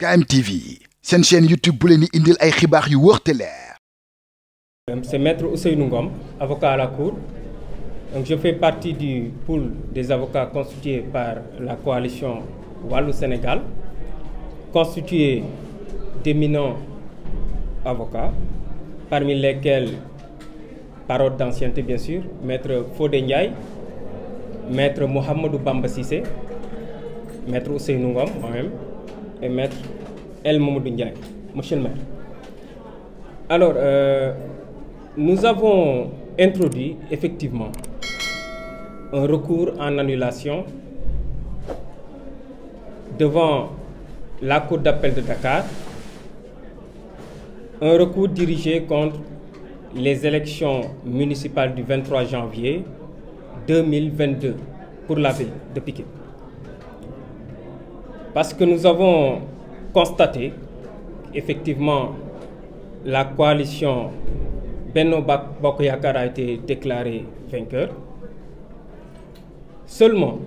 KMTV une chaîne YouTube pour les indil ay xibaar yu Je c'est maître Ousseynou Ngom avocat à la cour je fais partie du pool des avocats constitué par la coalition Wallou Sénégal constitué d'éminents avocats parmi lesquels par ordre d'ancienneté bien sûr maître Fodé Ndiaye maître Mohamedou Bamba Sissé, maître Ousseynou Ngom moi-même et maître El Ndiaye, monsieur le maire. Alors, euh, nous avons introduit effectivement un recours en annulation devant la Cour d'appel de Dakar, un recours dirigé contre les élections municipales du 23 janvier 2022 pour la ville de Piquet. Parce que nous avons constaté effectivement la coalition Benno Bakoyakar a été déclarée vainqueur. Seulement,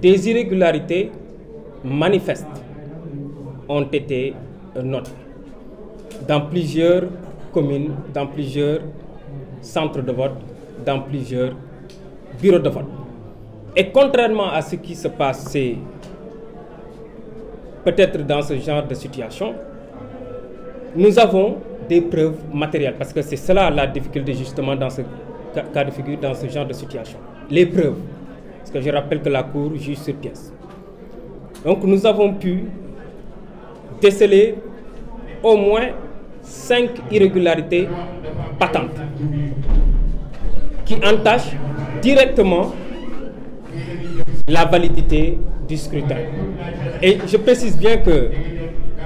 des irrégularités manifestes ont été notées dans plusieurs communes, dans plusieurs centres de vote, dans plusieurs bureaux de vote. Et contrairement à ce qui se passe peut-être dans ce genre de situation, nous avons des preuves matérielles, parce que c'est cela la difficulté justement dans ce cas de figure, dans ce genre de situation. Les preuves, parce que je rappelle que la Cour juge sur pièce. Donc nous avons pu déceler au moins cinq irrégularités patentes qui entachent directement la validité scrutin. Et je précise bien que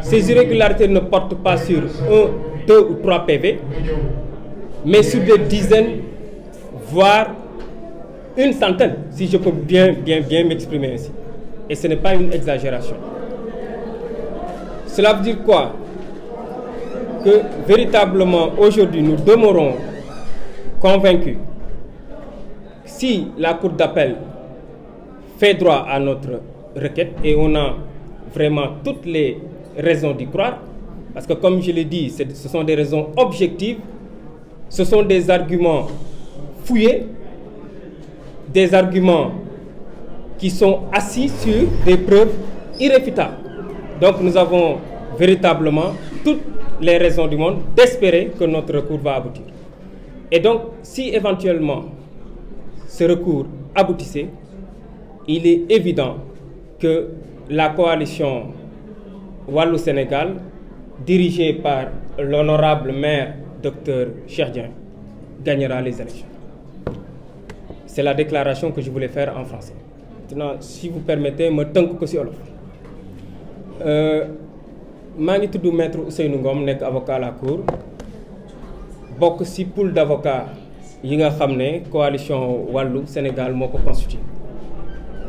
ces irrégularités ne portent pas sur un, deux ou trois PV, mais sur des dizaines, voire une centaine, si je peux bien, bien, bien m'exprimer ainsi. Et ce n'est pas une exagération. Cela veut dire quoi Que véritablement, aujourd'hui, nous demeurons convaincus si la Cour d'appel fait droit à notre requête et on a vraiment toutes les raisons d'y croire. Parce que comme je l'ai dit, ce sont des raisons objectives, ce sont des arguments fouillés, des arguments qui sont assis sur des preuves irréfutables. Donc nous avons véritablement toutes les raisons du monde d'espérer que notre recours va aboutir. Et donc, si éventuellement ce recours aboutissait, il est évident que la coalition Wallou Sénégal, dirigée par l'honorable maire Dr Cherdien, gagnera les élections. C'est la déclaration que je voulais faire en français. Maintenant, si vous permettez, me vais vous donner un Euh maître avocat à la cour bokk d'avocats coalition Wallou Sénégal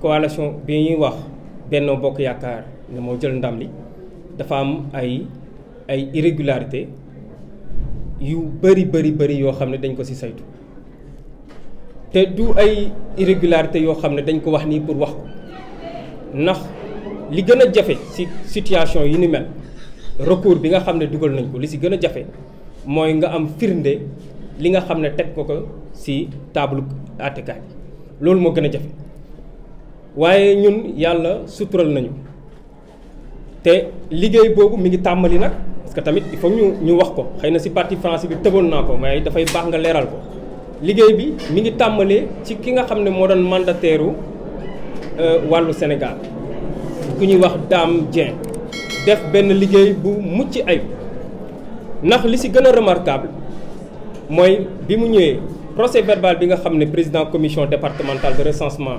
coalition bi ñuy wax Benno Bokk Yaakaar ne moo jël ndam li dafa am ay ay irrégularité yu bëri bari bari yoo xam ne dañ ko ci saytu te du ay irrégularité yoo xam ne dañ ko wax nii pour wax ko ndax li gën a jafe ci situation yi ni mel recours bi nga xam ne dugal nañ ko li si gën a jafe mooy nga am firnde li nga xam ne teg ko ko ci table àttekaay loolu moo gën a jafe waaye ñun yàlla sutural nañu te liggéey boobu mi ngi tàmbali nag parce que tamit il faut ñu ñu wax ko xëy na si parti français bi tëboon naa ko waaye dafay baax nga leeral ko liggéey bi mi ngi tàmbalee ci ki nga xam ne moo doon mandataire euh, wàllu Sénégal ku ñuy wax def ben liggéey bu mucc ayib ndax li si gën a remarquable mooy bi mu ñëwee procès verbal bi nga xam président commission départementale de recensement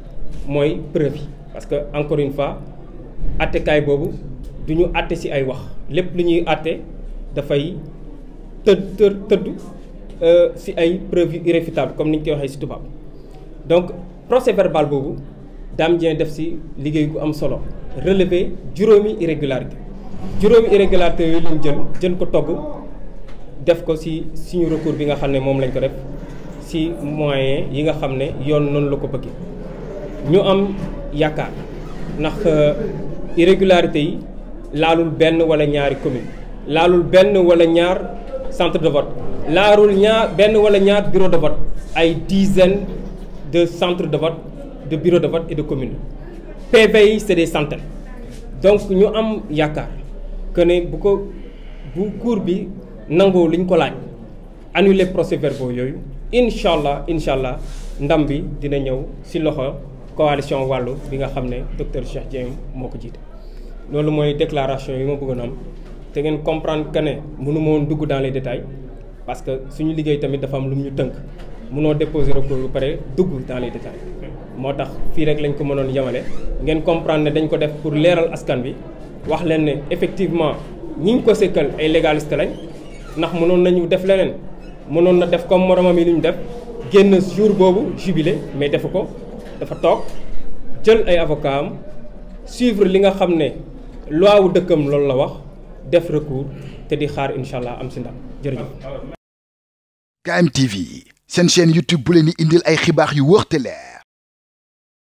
moy preuve yi parce que encore une fois attekaay boobu du ñu atte ci ay wax lépp lu ñuy fay teud teud euh ci ay preuve irréfutables comme niñ ko waxé ci tubaab donc procès verbal bobu Dame Dieng def ci liguey gu am solo relever juróomi irrégularité juróomi irrégularité yooyu lañ jël jën ko togg def ko ci suñu recours bi nga xamné mom lañ ko def ci moyen yi nga xamné yon non noonu la ko bëggee ñu am yaakaar ndax euh, irrégularité yi laalul ben wala ñaari commune laalul ben wala ñaar centre de vote laalul ñaar ben wala ñaar bureau de vote ay dizaines de centres de vote de bureaux de vote et de communes PV c'est des centaines donc ñu am yaakaar que ne bu ko bu cour bi nango liñ ko laaj annuler procès verbaux yooyu inshallah, inshallah ndam bi dina ñew ci loxo coalition wàllu bi nga xam ne docteur Cheikh Dieng moo ko jiite. loolu mooy déclaration yi ma bëggoon am te ngeen comprendre que ne mënu ma woon dugg dans les détails parce que suñu liggéey tamit dafa am lu mu ñu tënk mënoo déposer rek ba pare dugg dans les détails moo tax fii rek lañ ko mënoon yemale ngeen comprendre ne dañ ko def pour leeral askan bi wax leen ne effectivement ñi ko sekkal ay légaliste lañ ndax mënoon nañu def leneen mënoon na def comme moromam yi lu ñu def génn jour boobu jubilé mais defu ko dafa toog jël ay avocat am suivre li nga xam ne loi wu dëkkam loolu la wax def recours te di xaar incha allah am si ndam jërëjëf. KMTV seen chaîne YouTube bu leen di indil ay xibaax yu wóor te leer